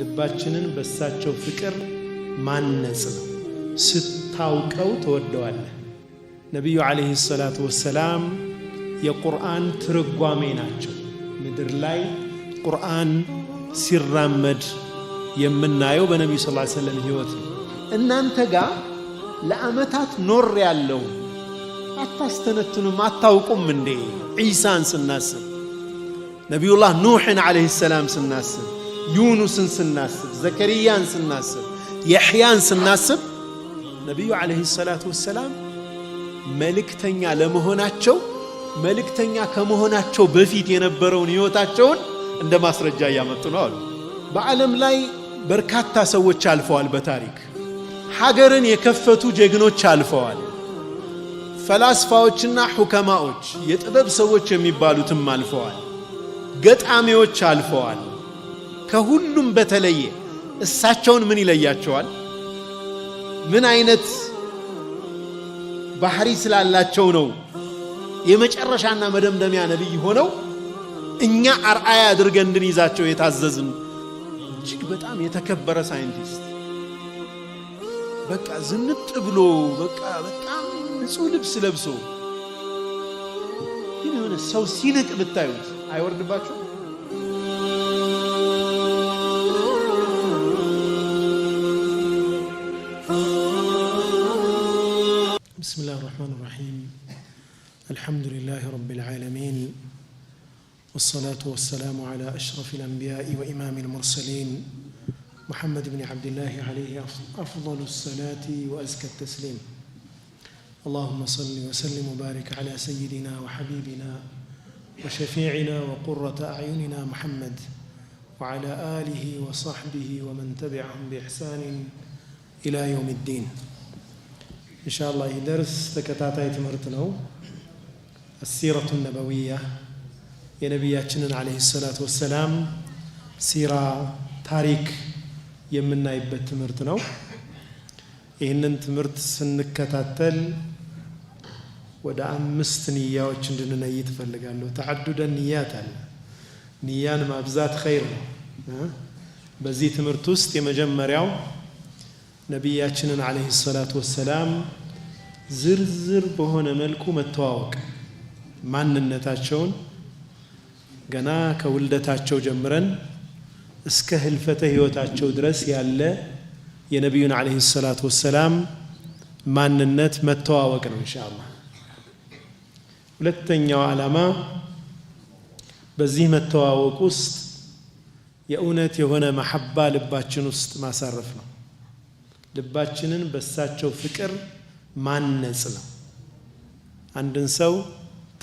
ልባችንን በሳቸው ፍቅር ማነጽ ነው። ስታውቀው ትወደዋለህ። ነቢዩ ዓለይሂ ሰላቱ ወሰላም የቁርአን ትርጓሜ ናቸው። ምድር ላይ ቁርአን ሲራመድ የምናየው በነቢዩ ስ ሰለም ሕይወት ነው። እናንተ ጋር ለዓመታት ኖር ያለው አታስተነትኑም፣ አታውቁም እንዴ? ዒሳን ስናስብ ነቢዩላህ ኑሕን ዓለይሂ ሰላም ስናስብ ዩኑስን ስናስብ፣ ዘከርያን ስናስብ፣ የሕያን ስናስብ ነቢዩ ዓለይሂ ሰላቱ ወሰላም መልእክተኛ ለመሆናቸው መልእክተኛ ከመሆናቸው በፊት የነበረውን ሕይወታቸውን እንደ ማስረጃ እያመጡ ነው አሉ። በዓለም ላይ በርካታ ሰዎች አልፈዋል። በታሪክ ሀገርን የከፈቱ ጀግኖች አልፈዋል። ፈላስፋዎችና ሑከማዎች የጥበብ ሰዎች የሚባሉትም አልፈዋል። ገጣሚዎች አልፈዋል። ከሁሉም በተለየ እሳቸውን ምን ይለያቸዋል? ምን አይነት ባህሪ ስላላቸው ነው የመጨረሻና መደምደሚያ ነቢይ ሆነው እኛ አርአያ አድርገን እንድንይዛቸው የታዘዝን? እጅግ በጣም የተከበረ ሳይንቲስት በቃ ዝንጥ ብሎ በቃ በጣም ንጹሕ ልብስ ለብሶ ግን የሆነ ሰው ሲንቅ ብታዩት አይወርድባችሁ? الرحمن الرحيم الحمد لله رب العالمين والصلاة والسلام على أشرف الأنبياء وإمام المرسلين محمد بن عبد الله عليه أفضل الصلاة وأزكى التسليم اللهم صل وسلم وبارك على سيدنا وحبيبنا وشفيعنا وقرة أعيننا محمد وعلى آله وصحبه ومن تبعهم بإحسان إلى يوم الدين እንሻላ ይህ ደርስ ተከታታይ ትምህርት ነው። አሲረቱ ነበዊያ የነቢያችንን ዓለይሂ ሰላቱ ወሰላም ሲራ ታሪክ የምናይበት ትምህርት ነው። ይህንን ትምህርት ስንከታተል ወደ አምስት ንያዎች እንድንነይ ትፈልጋለሁ። ተዓዱደ ንያት አለ። ንያን ማብዛት ኸይር ነው። በዚህ ትምህርት ውስጥ የመጀመሪያው ነቢያችንን ዓለይሂ ሰላቱ ወሰላም ዝርዝር በሆነ መልኩ መተዋወቅ ማንነታቸውን ገና ከውልደታቸው ጀምረን እስከ ህልፈተ ህይወታቸው ድረስ ያለ የነቢዩን ዓለይሂ ሰላቱ ወሰላም ማንነት መተዋወቅ ነው ኢንሻአላህ። ሁለተኛው ዓላማ በዚህ መተዋወቅ ውስጥ የእውነት የሆነ መሐባ ልባችን ውስጥ ማሳረፍ ነው። ልባችንን በሳቸው ፍቅር ማነጽ ነው። አንድን ሰው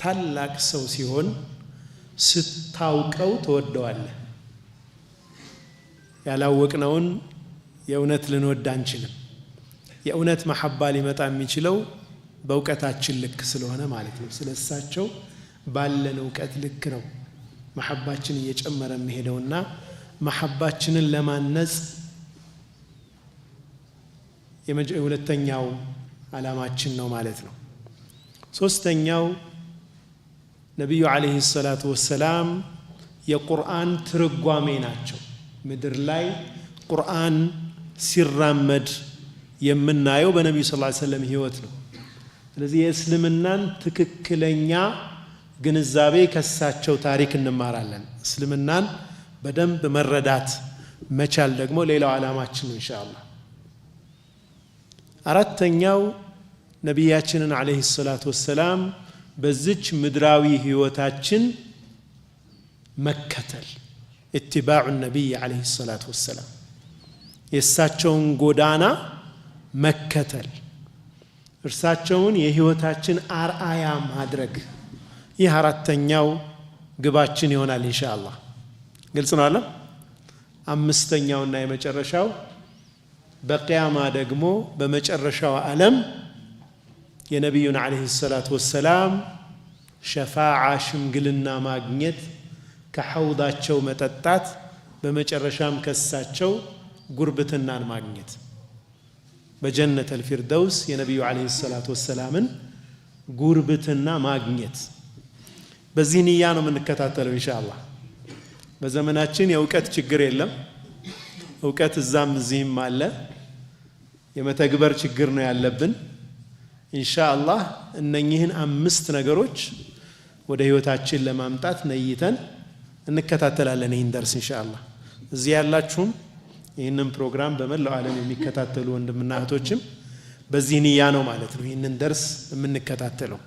ታላቅ ሰው ሲሆን ስታውቀው ትወደዋለህ። ያላወቅነውን የእውነት ልንወድ አንችልም። የእውነት መሐባ ሊመጣ የሚችለው በእውቀታችን ልክ ስለሆነ ማለት ነው። ስለ እሳቸው ባለን እውቀት ልክ ነው መሐባችን እየጨመረ የሚሄደውና መሐባችንን ለማነጽ የሁለተኛው ዓላማችን ነው ማለት ነው። ሶስተኛው ነቢዩ ዓለይሂ ሰላቱ ወሰላም የቁርአን ትርጓሜ ናቸው። ምድር ላይ ቁርአን ሲራመድ የምናየው በነቢዩ ሰለላሁ ዓለይሂ ወሰለም ህይወት ነው። ስለዚህ የእስልምናን ትክክለኛ ግንዛቤ ከሳቸው ታሪክ እንማራለን። እስልምናን በደንብ መረዳት መቻል ደግሞ ሌላው ዓላማችን ነው ኢንሻአላህ። አራተኛው ነቢያችንን አለይሂ ሰላቱ ወሰላም በዚች ምድራዊ ህይወታችን መከተል ኢትባዑ ነቢይ አለይሂ ሰላቱ ወሰላም የእሳቸውን ጎዳና መከተል እርሳቸውን የህይወታችን አርአያ ማድረግ ይህ አራተኛው ግባችን ይሆናል ኢንሻአላህ ግልጽ ነው አለ አምስተኛውና የመጨረሻው በቅያማ ደግሞ በመጨረሻው ዓለም የነቢዩን ዓለይሂ ሰላት ወሰላም ሸፋዓ ሽምግልና ማግኘት ከሐውዳቸው መጠጣት በመጨረሻም ከሳቸው ጉርብትናን ማግኘት በጀነት አልፊርደውስ የነቢዩ ዓለይሂ ሰላት ወሰላምን ጉርብትና ማግኘት በዚህ ንያ ነው የምንከታተለው እንሻ በዘመናችን የእውቀት ችግር የለም። እውቀት እዛም እዚህም አለ። የመተግበር ችግር ነው ያለብን። ኢንሻአላህ እነኚህን አምስት ነገሮች ወደ ህይወታችን ለማምጣት ነይተን እንከታተላለን። ይህን ደርስ ኢንሻአላህ እዚህ ያላችሁም ይህንን ፕሮግራም በመላው ዓለም የሚከታተሉ ወንድምና እህቶችም በዚህ ንያ ነው ማለት ነው ይህንን ደርስ የምንከታተለው።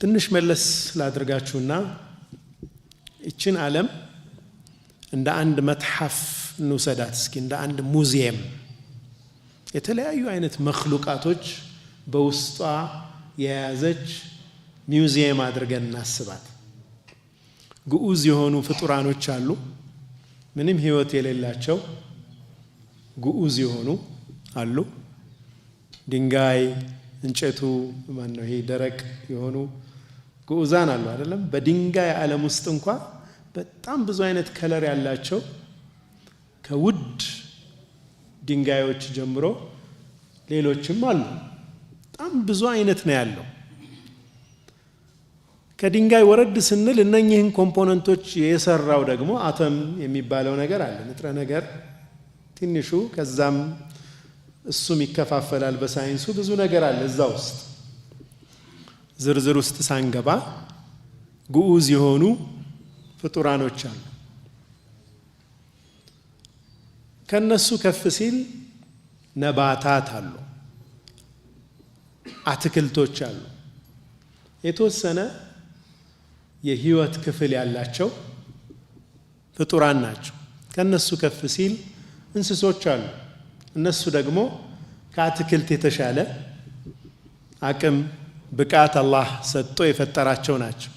ትንሽ መለስ ላድርጋችሁና ይችን ዓለም እንደ አንድ መትሐፍ እንውሰዳት እስኪ እንደ አንድ ሙዚየም የተለያዩ አይነት መክሉቃቶች በውስጧ የያዘች ሚውዚየም አድርገን እናስባት። ግዑዝ የሆኑ ፍጡራኖች አሉ፣ ምንም ህይወት የሌላቸው ግዑዝ የሆኑ አሉ። ድንጋይ እንጨቱ ማነው ይሄ ደረቅ የሆኑ ግዑዛን አሉ አይደለም። በድንጋይ ዓለም ውስጥ እንኳ በጣም ብዙ አይነት ከለር ያላቸው ከውድ ድንጋዮች ጀምሮ ሌሎችም አሉ። በጣም ብዙ አይነት ነው ያለው። ከድንጋይ ወረድ ስንል እነኚህን ኮምፖነንቶች የሰራው ደግሞ አተም የሚባለው ነገር አለ፣ ንጥረ ነገር ትንሹ። ከዛም እሱም ይከፋፈላል በሳይንሱ ብዙ ነገር አለ እዛ ውስጥ። ዝርዝር ውስጥ ሳንገባ ግዑዝ የሆኑ ፍጡራኖች አሉ። ከነሱ ከፍ ሲል ነባታት አሉ፣ አትክልቶች አሉ። የተወሰነ የህይወት ክፍል ያላቸው ፍጡራን ናቸው። ከነሱ ከፍ ሲል እንስሶች አሉ። እነሱ ደግሞ ከአትክልት የተሻለ አቅም፣ ብቃት አላህ ሰጥቶ የፈጠራቸው ናቸው።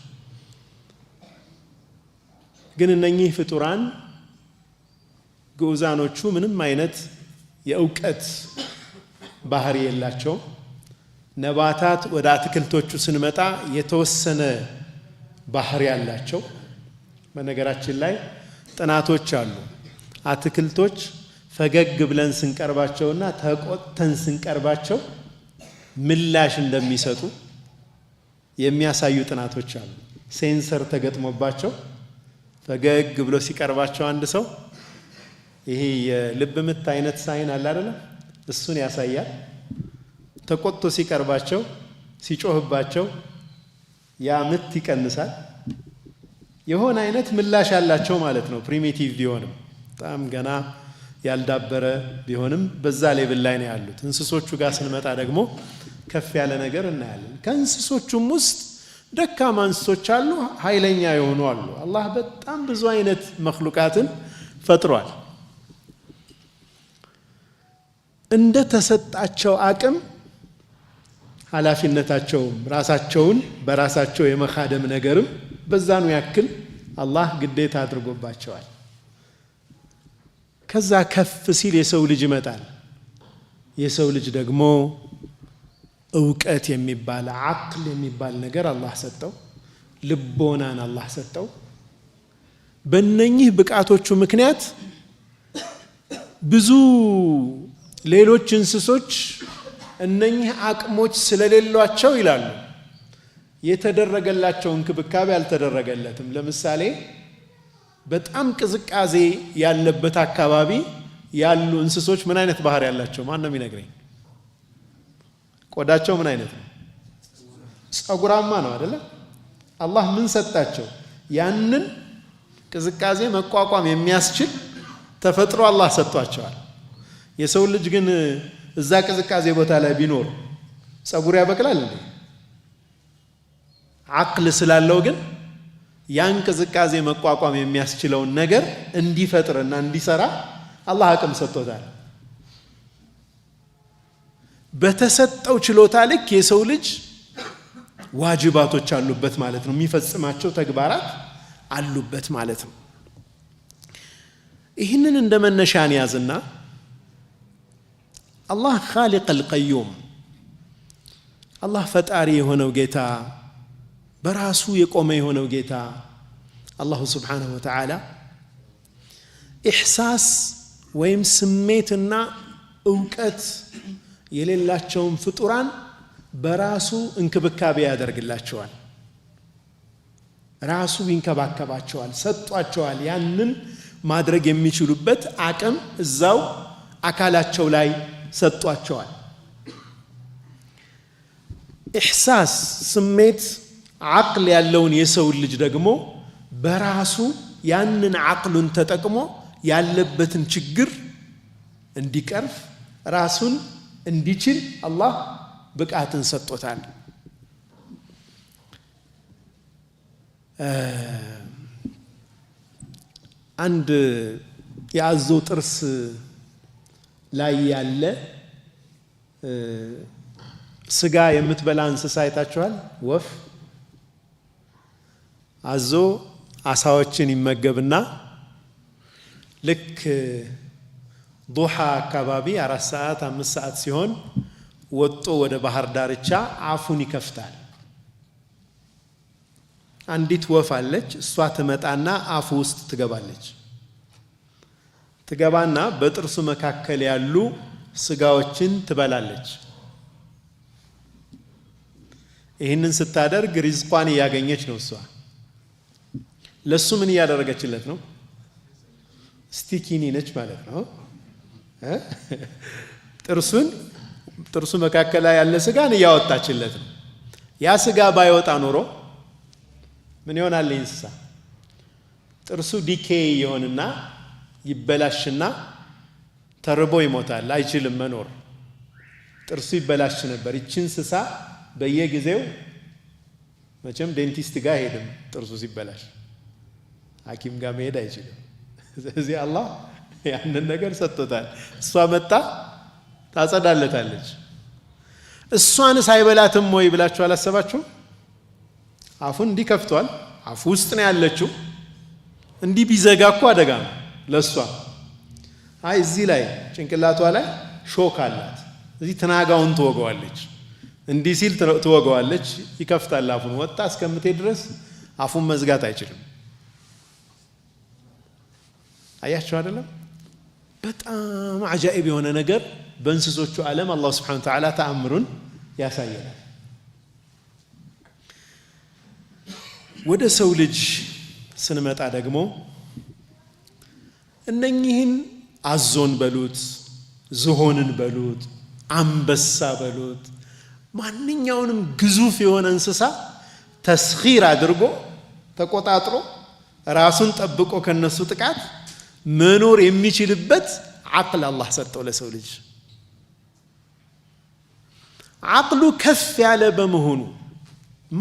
ግን እነኚህ ፍጡራን ግዑዛኖቹ ምንም አይነት የእውቀት ባህሪ የላቸውም። ነባታት ወደ አትክልቶቹ ስንመጣ የተወሰነ ባህሪ ያላቸው። በነገራችን ላይ ጥናቶች አሉ። አትክልቶች ፈገግ ብለን ስንቀርባቸውና ተቆጥተን ስንቀርባቸው ምላሽ እንደሚሰጡ የሚያሳዩ ጥናቶች አሉ። ሴንሰር ተገጥሞባቸው ፈገግ ብሎ ሲቀርባቸው አንድ ሰው ይሄ የልብ ምት አይነት ሳይን አለ አይደለም? እሱን ያሳያል። ተቆጥቶ ሲቀርባቸው ሲጮህባቸው ያ ምት ይቀንሳል። የሆነ አይነት ምላሽ አላቸው ማለት ነው። ፕሪሚቲቭ ቢሆንም በጣም ገና ያልዳበረ ቢሆንም በዛ ሌብል ላይ ነው ያሉት። እንስሶቹ ጋር ስንመጣ ደግሞ ከፍ ያለ ነገር እናያለን። ከእንስሶቹም ውስጥ ደካማ እንስሶች አሉ፣ ኃይለኛ የሆኑ አሉ። አላህ በጣም ብዙ አይነት መክሉቃትን ፈጥሯል። እንደ ተሰጣቸው አቅም ኃላፊነታቸውም ራሳቸውን በራሳቸው የመካደም ነገርም በዛኑ ያክል አላህ ግዴታ አድርጎባቸዋል። ከዛ ከፍ ሲል የሰው ልጅ ይመጣል። የሰው ልጅ ደግሞ እውቀት የሚባል አቅል የሚባል ነገር አላህ ሰጠው። ልቦናን አላህ ሰጠው። በእነኚህ ብቃቶቹ ምክንያት ብዙ ሌሎች እንስሶች እነኚህ አቅሞች ስለሌሏቸው ይላሉ የተደረገላቸው እንክብካቤ አልተደረገለትም። ለምሳሌ በጣም ቅዝቃዜ ያለበት አካባቢ ያሉ እንስሶች ምን አይነት ባህሪ ያላቸው ማን ነው የሚነግረኝ? ቆዳቸው ምን አይነት ነው? ጸጉራማ ነው አደለ? አላህ ምን ሰጣቸው? ያንን ቅዝቃዜ መቋቋም የሚያስችል ተፈጥሮ አላህ ሰጥቷቸዋል። የሰው ልጅ ግን እዛ ቅዝቃዜ ቦታ ላይ ቢኖር ጸጉር ያበቅላል እንዴ? አቅል ስላለው ግን ያን ቅዝቃዜ መቋቋም የሚያስችለውን ነገር እንዲፈጥርና እንዲሰራ አላህ አቅም ሰጥቶታል። በተሰጠው ችሎታ ልክ የሰው ልጅ ዋጅባቶች አሉበት ማለት ነው። የሚፈጽማቸው ተግባራት አሉበት ማለት ነው። ይህንን እንደ መነሻን ያዝና አላህ ኻሊቀል ቀዩም አላህ ፈጣሪ የሆነው ጌታ በራሱ የቆመ የሆነው ጌታ አላሁ ስብሓንሁ ወተዓላ ኢሕሳስ ወይም ስሜትና እውቀት የሌላቸውን ፍጡራን በራሱ እንክብካቤ ያደርግላቸዋል። ራሱ ይንከባከባቸዋል፣ ሰጧቸዋል። ያንን ማድረግ የሚችሉበት አቅም እዛው አካላቸው ላይ ሰጧቸዋል። ኢሕሳስ ስሜት ዓቅል ያለውን የሰው ልጅ ደግሞ በራሱ ያንን ዓቅሉን ተጠቅሞ ያለበትን ችግር እንዲቀርፍ ራሱን እንዲችል አላህ ብቃትን ሰጥቶታል። አንድ የአዞ ጥርስ ላይ ያለ ስጋ የምትበላ እንስሳ አይታችኋል። ወፍ አዞ አሳዎችን ይመገብና ልክ ዱሓ አካባቢ አራት ሰዓት አምስት ሰዓት ሲሆን ወጦ ወደ ባህር ዳርቻ አፉን ይከፍታል። አንዲት ወፍ አለች። እሷ ትመጣና አፉ ውስጥ ትገባለች። ትገባና በጥርሱ መካከል ያሉ ስጋዎችን ትበላለች። ይህንን ስታደርግ ሪዝቋን እያገኘች ነው። እሷ ለእሱ ምን እያደረገችለት ነው? ስቲኪኒ ነች ማለት ነው። ጥርሱን ጥርሱ መካከል ያለ ስጋን እያወጣችለት ነው። ያ ስጋ ባይወጣ ኖሮ ምን ይሆናል? እንስሳ ጥርሱ ዲኬ ይሆንና ይበላሽና ተርቦ ይሞታል። አይችልም መኖር። ጥርሱ ይበላሽ ነበር። ይቺ እንስሳ በየጊዜው መቼም ዴንቲስት ጋር አይሄድም። ጥርሱ ሲበላሽ ሐኪም ጋር መሄድ አይችልም። ስለዚህ አላህ ያንን ነገር ሰጥቶታል። እሷ መጣ ታጸዳለታለች። እሷን አይበላትም ወይ ብላችሁ አላሰባችሁ? አፉን እንዲህ ከፍቷል። አፉ ውስጥ ነው ያለችው። እንዲህ ቢዘጋ እኮ አደጋ ነው። ለእሷ አይ እዚህ ላይ ጭንቅላቷ ላይ ሾክ አላት። እዚህ ትናጋውን ትወገዋለች። እንዲህ ሲል ትወገዋለች። ይከፍታል አፉን። ወጣ እስከምትሄድ ድረስ አፉን መዝጋት አይችልም። አያቸው አይደለም? በጣም አጃኢብ የሆነ ነገር በእንስሶቹ ዓለም አላህ ስብሓነሁ ወተዓላ ተአምሩን ያሳየናል። ወደ ሰው ልጅ ስንመጣ ደግሞ እነኚህን አዞን በሉት፣ ዝሆንን በሉት፣ አንበሳ በሉት ማንኛውንም ግዙፍ የሆነ እንስሳ ተስኺር አድርጎ ተቆጣጥሮ ራሱን ጠብቆ ከነሱ ጥቃት መኖር የሚችልበት አቅል አላህ ሰጠው ለሰው ልጅ። አቅሉ ከፍ ያለ በመሆኑ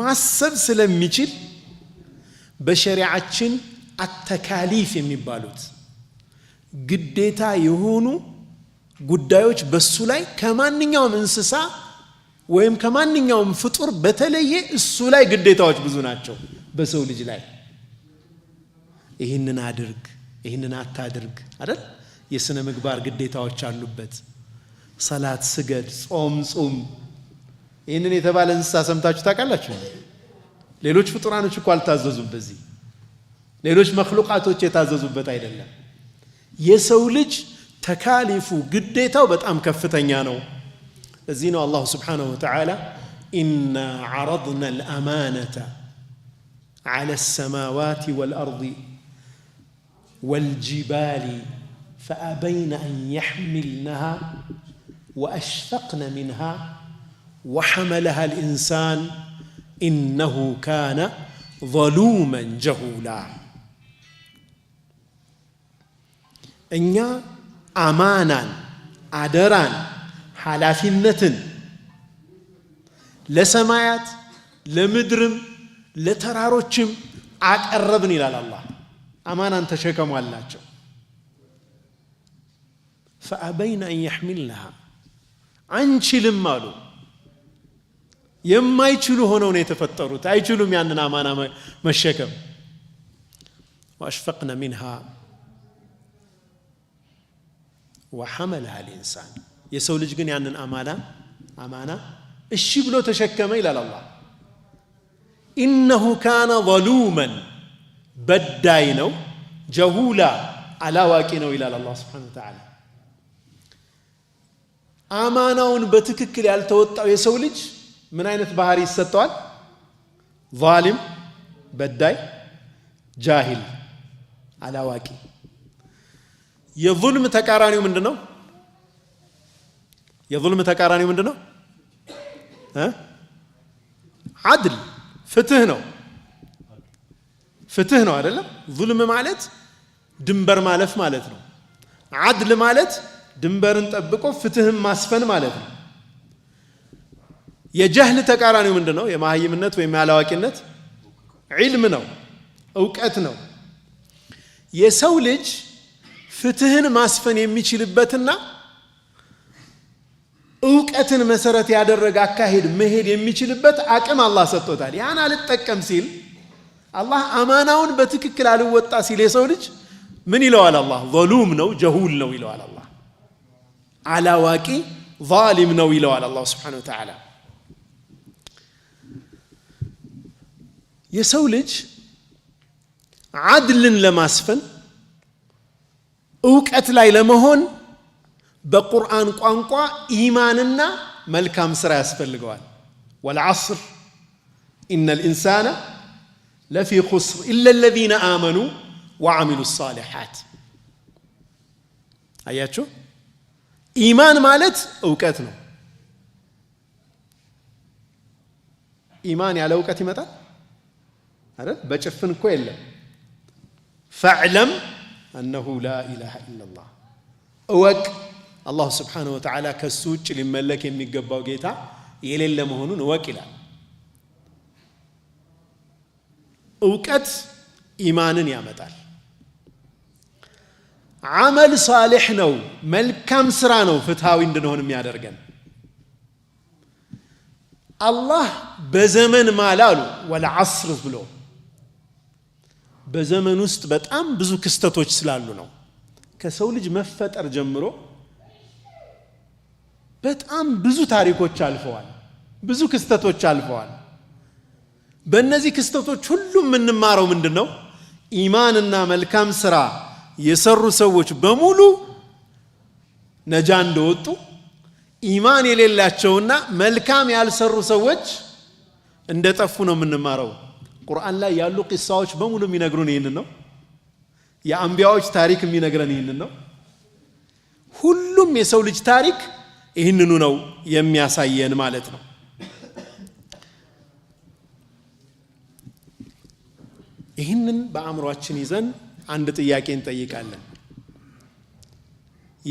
ማሰብ ስለሚችል በሸሪዓችን አተካሊፍ የሚባሉት ግዴታ የሆኑ ጉዳዮች በሱ ላይ ከማንኛውም እንስሳ ወይም ከማንኛውም ፍጡር በተለየ እሱ ላይ ግዴታዎች ብዙ ናቸው በሰው ልጅ ላይ ይህንን አድርግ ይህንን አታድርግ አይደል የሥነ ምግባር ግዴታዎች አሉበት ሰላት ስገድ ጾም ጹም ይህንን የተባለ እንስሳ ሰምታችሁ ታውቃላችሁ ሌሎች ፍጡራኖች እኳ አልታዘዙም በዚህ ሌሎች መክሉቃቶች የታዘዙበት አይደለም يسولج تكاليف ተካሊፉ ግዴታው በጣም ከፍተኛ ነው እዚህ ነው አላሁ ስብሓንሁ ወተዓላ ኢና على السماوات والأرض والجبال فأبين أن يحملنها وأشفقن منها وحملها الإنسان إنه كان ظلوما جهولا እኛ አማናን አደራን ኃላፊነትን ለሰማያት ለምድርም ለተራሮችም አቀረብን ይላል አላህ። አማናን ተሸከሙ አላቸው። ፈአበይነ አን ያሕሚልነሃ አንችልም አሉ። የማይችሉ ሆነው ነው የተፈጠሩት። አይችሉም ያንን አማና መሸከም። ወአሽፈቅነ ሚንሃ ወሐመልሃ ልኢንሳን የሰው ልጅ ግን ያንን አማና አማና እሺ ብሎ ተሸከመ ይላል አላህ። ኢነሁ ካነ ዘሉመን በዳይ ነው፣ ጀሁላ አላዋቂ ነው ይላል አላህ ስብሓነሁ ወተዓላ። አማናውን በትክክል ያልተወጣው የሰው ልጅ ምን አይነት ባህሪ ይሰጠዋል? ዛሊም፣ በዳይ፣ ጃሂል፣ አላዋቂ የዙልም ተቃራኒው ምንድን ነው? የዙልም ተቃራኒው ምንድን ነው? አድል ፍትህ ነው። ፍትህ ነው አይደለም? ዙልም ማለት ድንበር ማለፍ ማለት ነው። አድል ማለት ድንበርን ጠብቆ ፍትህን ማስፈን ማለት ነው። የጀህል ተቃራኒው ምንድን ነው? የማህይምነት ወይም ያላዋቂነት ዒልም ነው፣ እውቀት ነው። የሰው ልጅ ፍትህን ማስፈን የሚችልበትና እውቀትን መሰረት ያደረገ አካሄድ መሄድ የሚችልበት አቅም አላህ ሰጥቶታል። ያን አልጠቀም ሲል አላህ አማናውን በትክክል አልወጣ ሲል የሰው ልጅ ምን ይለዋል? አላህ ዘሉም ነው፣ ጀሁል ነው ይለዋል። አላህ አላዋቂ ዛሊም ነው ይለዋል። አላህ ስብሓነሁ ወተዓላ የሰው ልጅ አድልን ለማስፈን እውቀት ላይ ለመሆን በቁርአን ቋንቋ ኢማንና መልካም ስራ ያስፈልገዋል። ወልዓስር ኢነ ልኢንሳነ ለፊ ኹስር ኢለ ለዚነ አመኑ ወዓሚሉ ሳሊሓት። አያችሁ፣ ኢማን ማለት እውቀት ነው። ኢማን ያለ እውቀት ይመጣል አይደል? በጭፍን እኮ የለም። ፈዕለም አነሁ ላ ኢላሃ ኢለላህ እወቅ አላሁ ስብሓነሁ ወተዓላ ከሱ ውጭ ሊመለክ የሚገባው ጌታ የሌለ መሆኑን እወቅ ይላል። እውቀት ኢማንን ያመጣል። አመል ሳሌሕ ነው፣ መልካም ስራ ነው ፍትሃዊ እንድንሆን የሚያደርገን። አላህ በዘመን ማል አሉ ወለዐስር ብሎ በዘመን ውስጥ በጣም ብዙ ክስተቶች ስላሉ ነው። ከሰው ልጅ መፈጠር ጀምሮ በጣም ብዙ ታሪኮች አልፈዋል። ብዙ ክስተቶች አልፈዋል። በእነዚህ ክስተቶች ሁሉ የምንማረው ምንድን ነው? ኢማንና መልካም ስራ የሰሩ ሰዎች በሙሉ ነጃ እንደወጡ፣ ኢማን የሌላቸውና መልካም ያልሰሩ ሰዎች እንደጠፉ ነው የምንማረው። ቁርአን ላይ ያሉ ቂሳዎች በሙሉ የሚነግሩን ይህንን ነው። የአንቢያዎች ታሪክ የሚነግረን ይህንን ነው። ሁሉም የሰው ልጅ ታሪክ ይህንኑ ነው የሚያሳየን ማለት ነው። ይህንን በአእምሯችን ይዘን አንድ ጥያቄ እንጠይቃለን።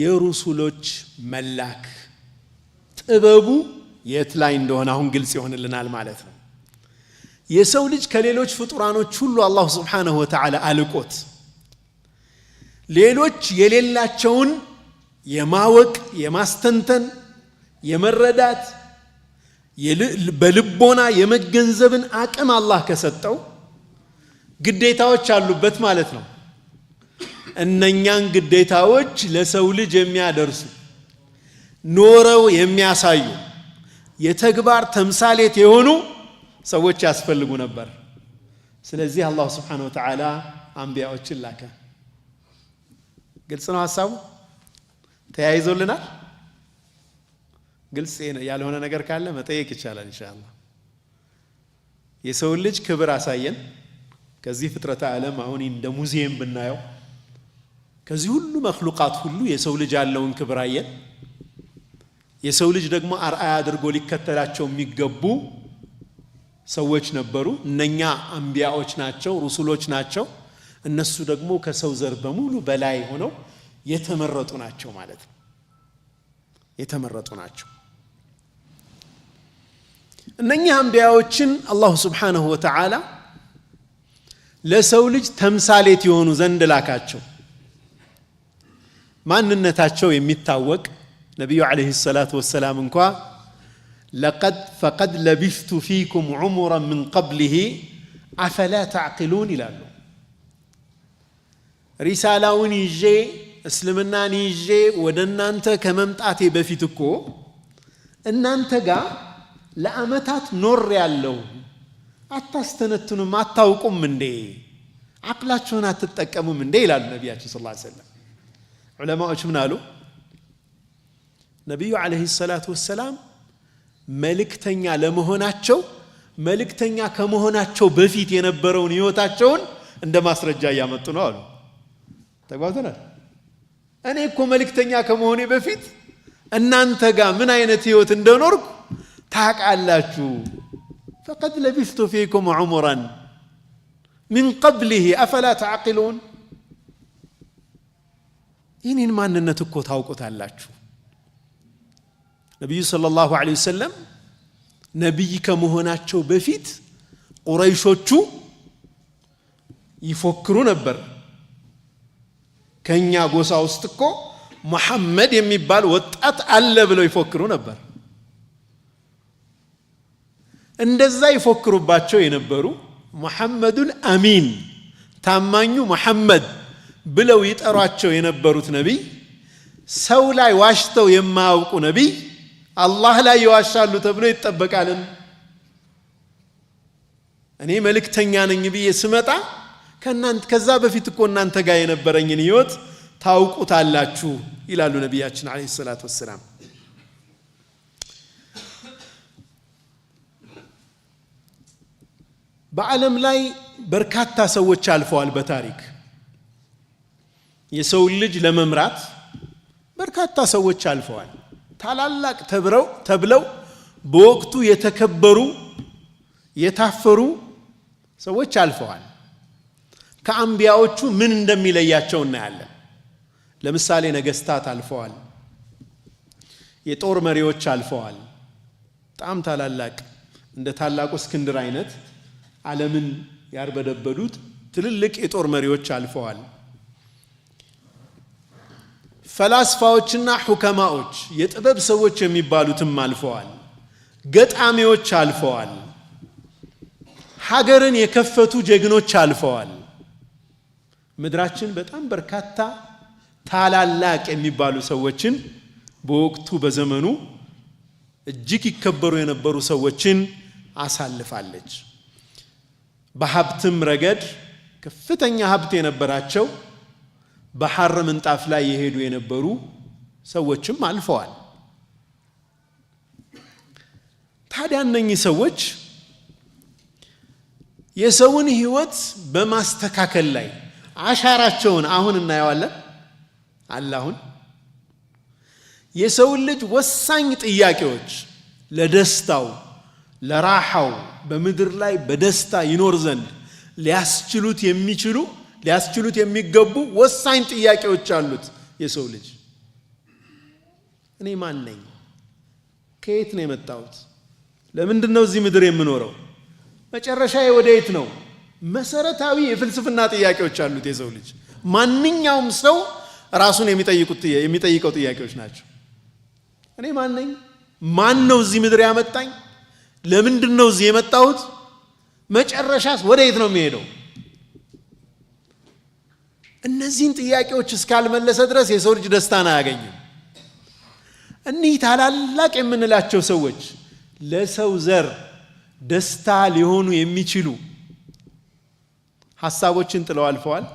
የሩሱሎች መላክ ጥበቡ የት ላይ እንደሆነ አሁን ግልጽ ይሆንልናል ማለት ነው። የሰው ልጅ ከሌሎች ፍጡራኖች ሁሉ አላሁ ስብሓነሁ ወተዓላ አልቆት ሌሎች የሌላቸውን የማወቅ የማስተንተን የመረዳት በልቦና የመገንዘብን አቅም አላህ ከሰጠው ግዴታዎች አሉበት ማለት ነው። እነኛን ግዴታዎች ለሰው ልጅ የሚያደርሱ ኖረው የሚያሳዩ የተግባር ተምሳሌት የሆኑ ሰዎች ያስፈልጉ ነበር። ስለዚህ አላሁ ስብሓነ ወተዓላ አንቢያዎችን ላከ። ግልጽ ነው ሀሳቡ። ተያይዞልናል። ግልጽ ያልሆነ ነገር ካለ መጠየቅ ይቻላል ኢንሻአላህ። የሰውን ልጅ ክብር አሳየን። ከዚህ ፍጥረተ ዓለም አሁን እንደ ሙዚየም ብናየው ከዚህ ሁሉ መክሉቃት ሁሉ የሰው ልጅ ያለውን ክብር አየን። የሰው ልጅ ደግሞ አርአያ አድርጎ ሊከተላቸው የሚገቡ ሰዎች ነበሩ። እነኛ አንቢያዎች ናቸው፣ ሩሱሎች ናቸው። እነሱ ደግሞ ከሰው ዘር በሙሉ በላይ ሆነው የተመረጡ ናቸው ማለት ነው። የተመረጡ ናቸው። እነኛ አንቢያዎችን አላሁ ስብሓነሁ ወተዓላ ለሰው ልጅ ተምሳሌት የሆኑ ዘንድ ላካቸው። ማንነታቸው የሚታወቅ ነቢዩ ዓለይሂ ሰላቱ ወሰላም እንኳ ለቀድ ፈቀድ ለቢስቱ ፊኩም ዑሙረን ምን ቀብሊሂ አፈላ ተዕቂሉን ይላሉ። ሪሳላውን ይዤ እስልምናን ይዤ ወደ እናንተ ከመምጣቴ በፊት እኮ እናንተ ጋር ለዓመታት ኖር ያለው አታስተነትኑም፣ አታውቁም እንዴ? አቅላችሁን አትጠቀሙም እንዴ? ይላሉ ነቢያችን ስ ሰለም። ዑለማዎች ምን አሉ? ነቢዩ ዓለይሂ ሰላቱ ወሰላም መልእክተኛ ለመሆናቸው መልእክተኛ ከመሆናቸው በፊት የነበረውን ህይወታቸውን እንደ ማስረጃ እያመጡ ነው አሉ። ተግባብተናል። እኔ እኮ መልእክተኛ ከመሆኔ በፊት እናንተ ጋር ምን አይነት ህይወት እንደኖርኩ ታውቃላችሁ። ፈቀድ ለቢስቱ ፊኩም ዑሙራን ምን ቀብሊህ አፈላ ተዓቂሉን። ይህኔን ማንነት እኮ ታውቁታላችሁ። ነቢዩ ሰለላሁ ዐለይሂ ወሰለም ነቢይ ከመሆናቸው በፊት ቁረይሾቹ ይፎክሩ ነበር። ከኛ ጎሳ ውስጥ እኮ ሙሐመድ የሚባል ወጣት አለ ብለው ይፎክሩ ነበር። እንደዛ ይፎክሩባቸው የነበሩ ሙሐመዱል አሚን ታማኙ ሙሐመድ ብለው ይጠሯቸው የነበሩት ነቢይ ሰው ላይ ዋሽተው የማያውቁ ነቢይ አላህ ላይ ይዋሻሉ ተብሎ ይጠበቃልን? እኔ መልእክተኛ ነኝ ብዬ ስመጣ ከእናንተ ከዛ በፊት እኮ እናንተ ጋር የነበረኝን ህይወት ታውቁታላችሁ ይላሉ ነቢያችን ዓለይሂ ሰላቱ ወሰላም። በዓለም ላይ በርካታ ሰዎች አልፈዋል። በታሪክ የሰውን ልጅ ለመምራት በርካታ ሰዎች አልፈዋል። ታላላቅ ተብረው ተብለው በወቅቱ የተከበሩ የታፈሩ ሰዎች አልፈዋል። ከአንቢያዎቹ ምን እንደሚለያቸው እናያለን። ለምሳሌ ነገስታት አልፈዋል። የጦር መሪዎች አልፈዋል። በጣም ታላላቅ እንደ ታላቁ እስክንድር አይነት ዓለምን ያርበደበዱት ትልልቅ የጦር መሪዎች አልፈዋል። ፈላስፋዎችና ሑከማዎች የጥበብ ሰዎች የሚባሉትም አልፈዋል። ገጣሚዎች አልፈዋል። ሀገርን የከፈቱ ጀግኖች አልፈዋል። ምድራችን በጣም በርካታ ታላላቅ የሚባሉ ሰዎችን በወቅቱ በዘመኑ እጅግ ይከበሩ የነበሩ ሰዎችን አሳልፋለች። በሀብትም ረገድ ከፍተኛ ሀብት የነበራቸው በሐር ምንጣፍ ላይ የሄዱ የነበሩ ሰዎችም አልፈዋል። ታዲያ እነኚህ ሰዎች የሰውን ሕይወት በማስተካከል ላይ አሻራቸውን አሁን እናየዋለን። አላሁን የሰውን ልጅ ወሳኝ ጥያቄዎች ለደስታው፣ ለራሐው በምድር ላይ በደስታ ይኖር ዘንድ ሊያስችሉት የሚችሉ ሊያስችሉት የሚገቡ ወሳኝ ጥያቄዎች አሉት የሰው ልጅ። እኔ ማን ነኝ? ከየት ነው የመጣሁት? ለምንድን ነው እዚህ ምድር የምኖረው? መጨረሻዬ ወደ የት ነው? መሰረታዊ የፍልስፍና ጥያቄዎች አሉት የሰው ልጅ። ማንኛውም ሰው ራሱን የሚጠይቀው ጥያቄዎች ናቸው። እኔ ማን ነኝ? ማን ነው እዚህ ምድር ያመጣኝ? ለምንድን ነው እዚህ የመጣሁት? መጨረሻስ ወደ የት ነው የሚሄደው? እነዚህን ጥያቄዎች እስካልመለሰ ድረስ የሰው ልጅ ደስታን አያገኝም። እኒህ ታላላቅ የምንላቸው ሰዎች ለሰው ዘር ደስታ ሊሆኑ የሚችሉ ሀሳቦችን ጥለው አልፈዋል።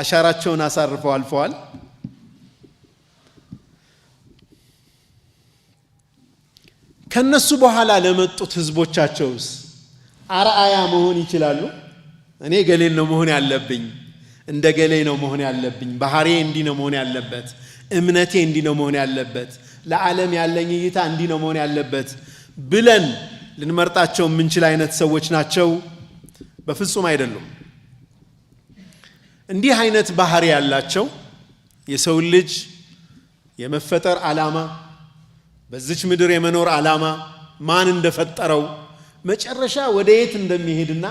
አሻራቸውን አሳርፈው አልፈዋል። ከነሱ በኋላ ለመጡት ህዝቦቻቸውስ አርአያ መሆን ይችላሉ። እኔ ገሌን ነው መሆን ያለብኝ እንደ ገሌ ነው መሆን ያለብኝ፣ ባህሬ እንዲህ ነው መሆን ያለበት፣ እምነቴ እንዲህ ነው መሆን ያለበት፣ ለዓለም ያለኝ እይታ እንዲህ ነው መሆን ያለበት ብለን ልንመርጣቸው የምንችል አይነት ሰዎች ናቸው? በፍጹም አይደሉም። እንዲህ አይነት ባህሪ ያላቸው የሰው ልጅ የመፈጠር ዓላማ በዚች ምድር የመኖር ዓላማ ማን እንደፈጠረው መጨረሻ ወደ የት እንደሚሄድና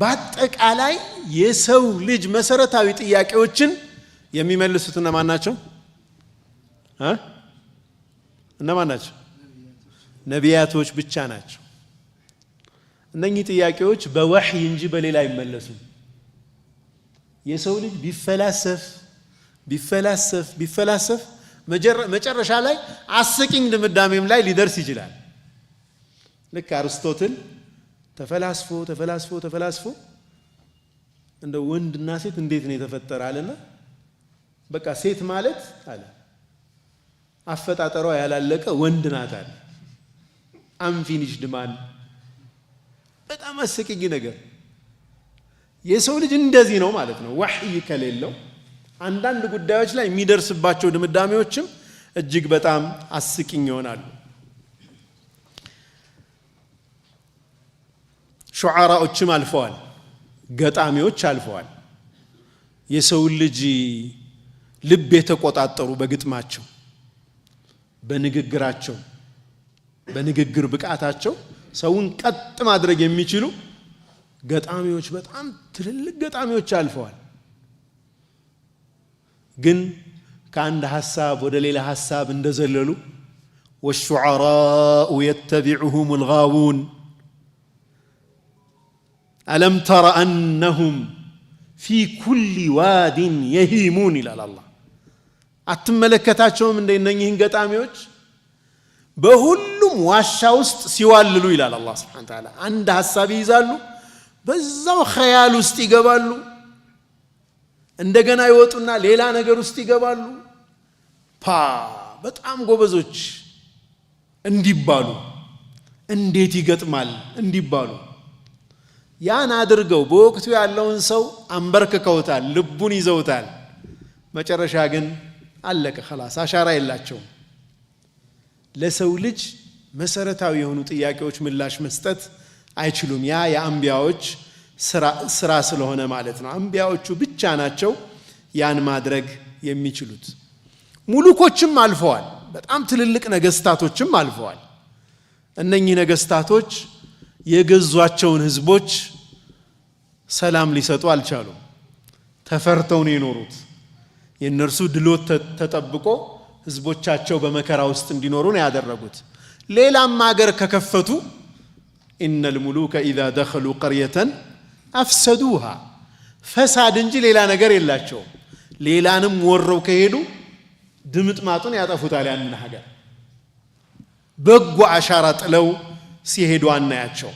በአጠቃላይ የሰው ልጅ መሰረታዊ ጥያቄዎችን የሚመልሱት እነማን ናቸው? እነማን ናቸው? ነቢያቶች ብቻ ናቸው። እነኚህ ጥያቄዎች በወሕይ እንጂ በሌላ አይመለሱም። የሰው ልጅ ቢፈላሰፍ ቢፈላሰፍ ቢፈላሰፍ መጨረሻ ላይ አስቂኝ ድምዳሜም ላይ ሊደርስ ይችላል። ልክ አርስቶትል ተፈላስፎ ተፈላስፎ ተፈላስፎ እንደ ወንድና ሴት እንዴት ነው የተፈጠረ አለና በቃ ሴት ማለት አለ አፈጣጠሯ ያላለቀ ወንድ ናት አለ አንፊኒሽድ ማን በጣም አስቂኝ ነገር የሰው ልጅ እንደዚህ ነው ማለት ነው ዋህይ ከሌለው አንዳንድ ጉዳዮች ላይ የሚደርስባቸው ድምዳሜዎችም እጅግ በጣም አስቂኝ ይሆናሉ ሹዓራዎችም አልፈዋል፣ ገጣሚዎች አልፈዋል። የሰውን ልጅ ልብ የተቆጣጠሩ በግጥማቸው፣ በንግግራቸው፣ በንግግር ብቃታቸው ሰውን ቀጥ ማድረግ የሚችሉ ገጣሚዎች በጣም ትልልቅ ገጣሚዎች አልፈዋል። ግን ከአንድ ሀሳብ ወደ ሌላ ሀሳብ እንደዘለሉ ወሹዓራኡ የተቢዑሁም ልጋውን አለም ተረ አነሁም ፊ ኩሊ ዋዲን የሂሙን ይላል አላህ። አትመለከታቸውም እንደ እነኝህን ገጣሚዎች በሁሉም ዋሻ ውስጥ ሲዋልሉ ይላል አላህ ሱብሓነሁ ወተዓላ። አንድ ሀሳብ ይይዛሉ፣ በዛው ኸያል ውስጥ ይገባሉ። እንደገና ይወጡና ሌላ ነገር ውስጥ ይገባሉ። ፓ በጣም ጎበዞች እንዲባሉ እንዴት ይገጥማል እንዲባሉ ያን አድርገው በወቅቱ ያለውን ሰው አንበርክከውታል፣ ልቡን ይዘውታል። መጨረሻ ግን አለቀ ኸላስ፣ አሻራ የላቸውም። ለሰው ልጅ መሰረታዊ የሆኑ ጥያቄዎች ምላሽ መስጠት አይችሉም። ያ የአንቢያዎች ስራ ስለሆነ ማለት ነው። አንቢያዎቹ ብቻ ናቸው ያን ማድረግ የሚችሉት። ሙሉኮችም አልፈዋል፣ በጣም ትልልቅ ነገስታቶችም አልፈዋል። እነኚህ ነገስታቶች የገዟቸውን ህዝቦች ሰላም ሊሰጡ አልቻሉም። ተፈርተው ነው የኖሩት። የእነርሱ ድሎት ተጠብቆ ህዝቦቻቸው በመከራ ውስጥ እንዲኖሩ ነው ያደረጉት። ሌላም አገር ከከፈቱ ኢነል ሙሉከ ኢዛ ደኸሉ ቀርየተን አፍሰዱሃ፣ ፈሳድ እንጂ ሌላ ነገር የላቸውም። ሌላንም ወረው ከሄዱ ድምጥማጡን ያጠፉታል ያንን ሀገር በጎ አሻራ ጥለው ሲሄዱ አናያቸው።